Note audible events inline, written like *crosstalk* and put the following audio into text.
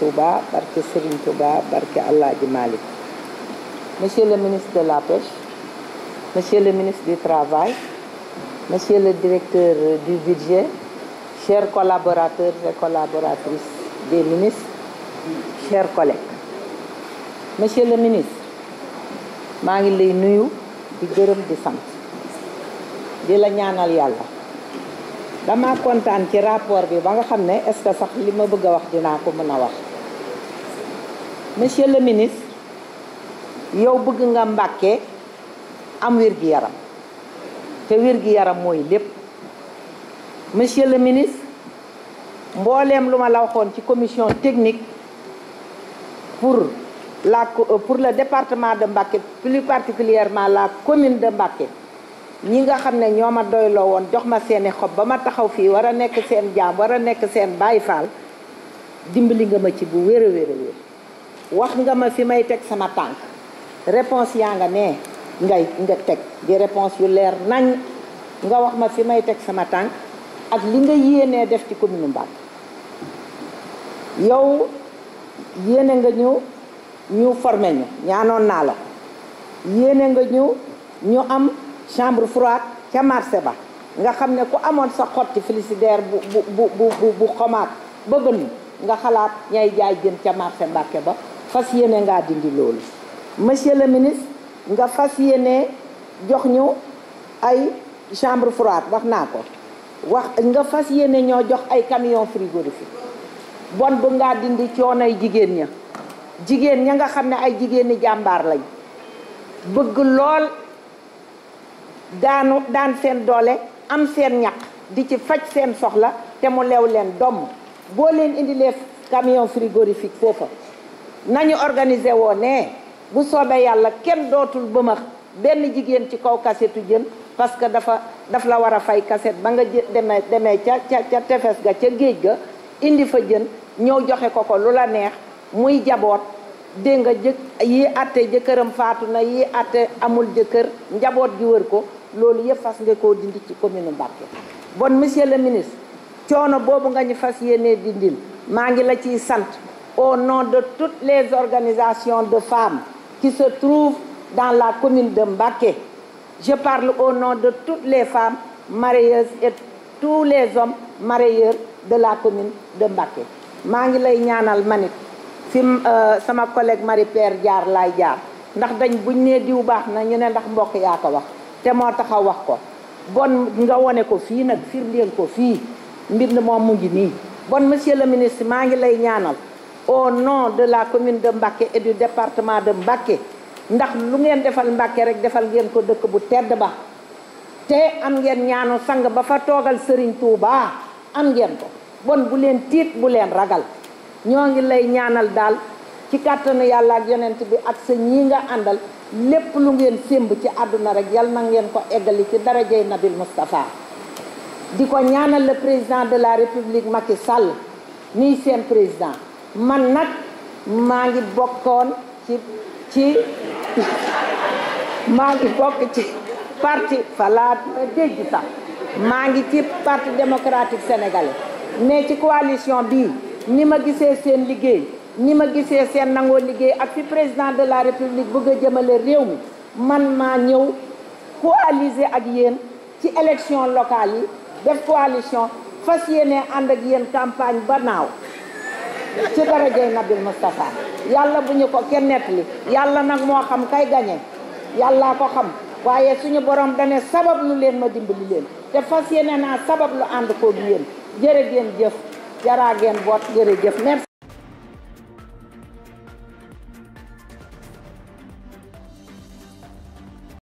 Touba Touba monsieur le ministre de la pêche monsieur le ministre du travail monsieur le directeur du budget chers collaborateurs et collaboratrices des ministres chers collègues monsieur le ministre je lay nuyu di dama kontaan ci rapport bi ba nga xam ne est-ce que sax li ma bëgg a wax dinaa ko mën a wax monsieur le ministre yow bëgg nga Mbàkke am wér-gi-yaram te wér-gi-yaram mooy lépp monsieur le ministre mbooleem lu ma la waxoon ci commission technique pour la euh, pour le département de Mbacké plus particulièrement la commune de Mbacké ñi nga xam ne ñoo ma doyloo woon jox ma seeni xob ba ma taxaw fii war a nekk seen jaam war a nekk seen baay faal dimbali nga ma ci bu wér a wér a wax nga ma fi may teg sama tànk réponse yaa nga ne ngay nga teg di réponse yu leer nañ nga wax ma fi may teg sama tànk ak li nga yéenee def ci commune Mbacké yow yéene nga ñu ñu formé ñu ñaanoon naa la yéene nga ñu ñu am chambre froide ca marché ba nga xamné ne ku amoon sa xotti félicitaire bu bu bu bu bu xomaat ba bënn nga xalaat ñay jaay jën ca marché mbacké ba fas yene nga dindi loolu monsieur le ministre nga fas yene jox ñu ay chambre froide wax ko wax nga fas yene ño jox ay camion frigorifique bon bu nga dindi cionay jigen ña jigen ña nga xam ay jigen ni jambar lañ bëgg lool daanu daan seen doole am seen ñaq di ci faj seen soxla te mu lew leen domm boo leen indilee camion frigorifique foofa nañu organiser woo ne bu soobee yàlla kenn dootul bëmax benn jigéen ci kaw kasetu jën parce que dafa daf la war a fay kaset ba nga jë deme demee ca ca tefes ga ca géej ga indi fa jën ñëw joxe ko ko lu la neex muy jaboot dénga jëkk yi àtte jëkkëram faatu na yi àtte amul jëkkër njaboot gi wër ko loolu yëpp fas nga koo dindi ci commune Mbaké. bon monsieur le ministre coono boobu nga ñu fas yéenee dindil maa ngi la ciy sant au nom de toutes les organisations de femmes qui se trouvent dans la commune de Mbaké, je parle au nom de toutes les femmes marieuses et tous les hommes marieurs de la commune de Mbaké. maa ngi lay ñaanal manit fi euh, sama collègue Marie Pierre Diar lay jaar ndax dañ buñ nee diw baax na ñu ne ndax mbokk yaa ko wax te moo taxaw wax ko bon nga wone ko fii nag firndeel ko fii mbind moom mu ngi nii bon monsieur le ministre maa ngi lay ñaanal o non de la commune de Mbacké et du département de Mbacké ndax lu ngeen defal Mbacké rek defal ngeen ko dëkk bu tedd ba te am ngeen ñaanu sang ba fa toogal Serigne Touba am ngeen ko bon bu leen tiit bu leen ragal ñoo ngi lay ñaanal daal ci kàttanu yàlla ak yonent bi ak sa ñii nga àndal lépp lu ngeen sémb ci àdduna rek yal na ngeen ko eggali ci darajay Nabil Moustapha di ko ñaanal le président de la république Macky Sall nii seen président man nag maa ngi bokkoon ci ci *laughs* maa ngi bokk ci parti falaat ma dégg sax maa ngi ci parti démocratique sénégalais mais ci coalition bii ni ma gisee seen liggéey ni ma gisee seen nangoo liggéey ak fi président de la république bëgg a jëmalee réew mi man maa ñëw coaliser ak yéen ci élection locale yi def coalition fas yéene ànd ak yéen campagne ba naaw ci darajay Nabil Moustapha yàlla bu ñu ko kenn nettali yàlla nag moo xam kay gañe yàllaa ko xam waaye suñu borom dane sabab lu leen ma dimbali leen te fas yéene naa sabab lu ànd koog yéen jërë ngeen jëf jaraa ngeen boot jërëjëf merci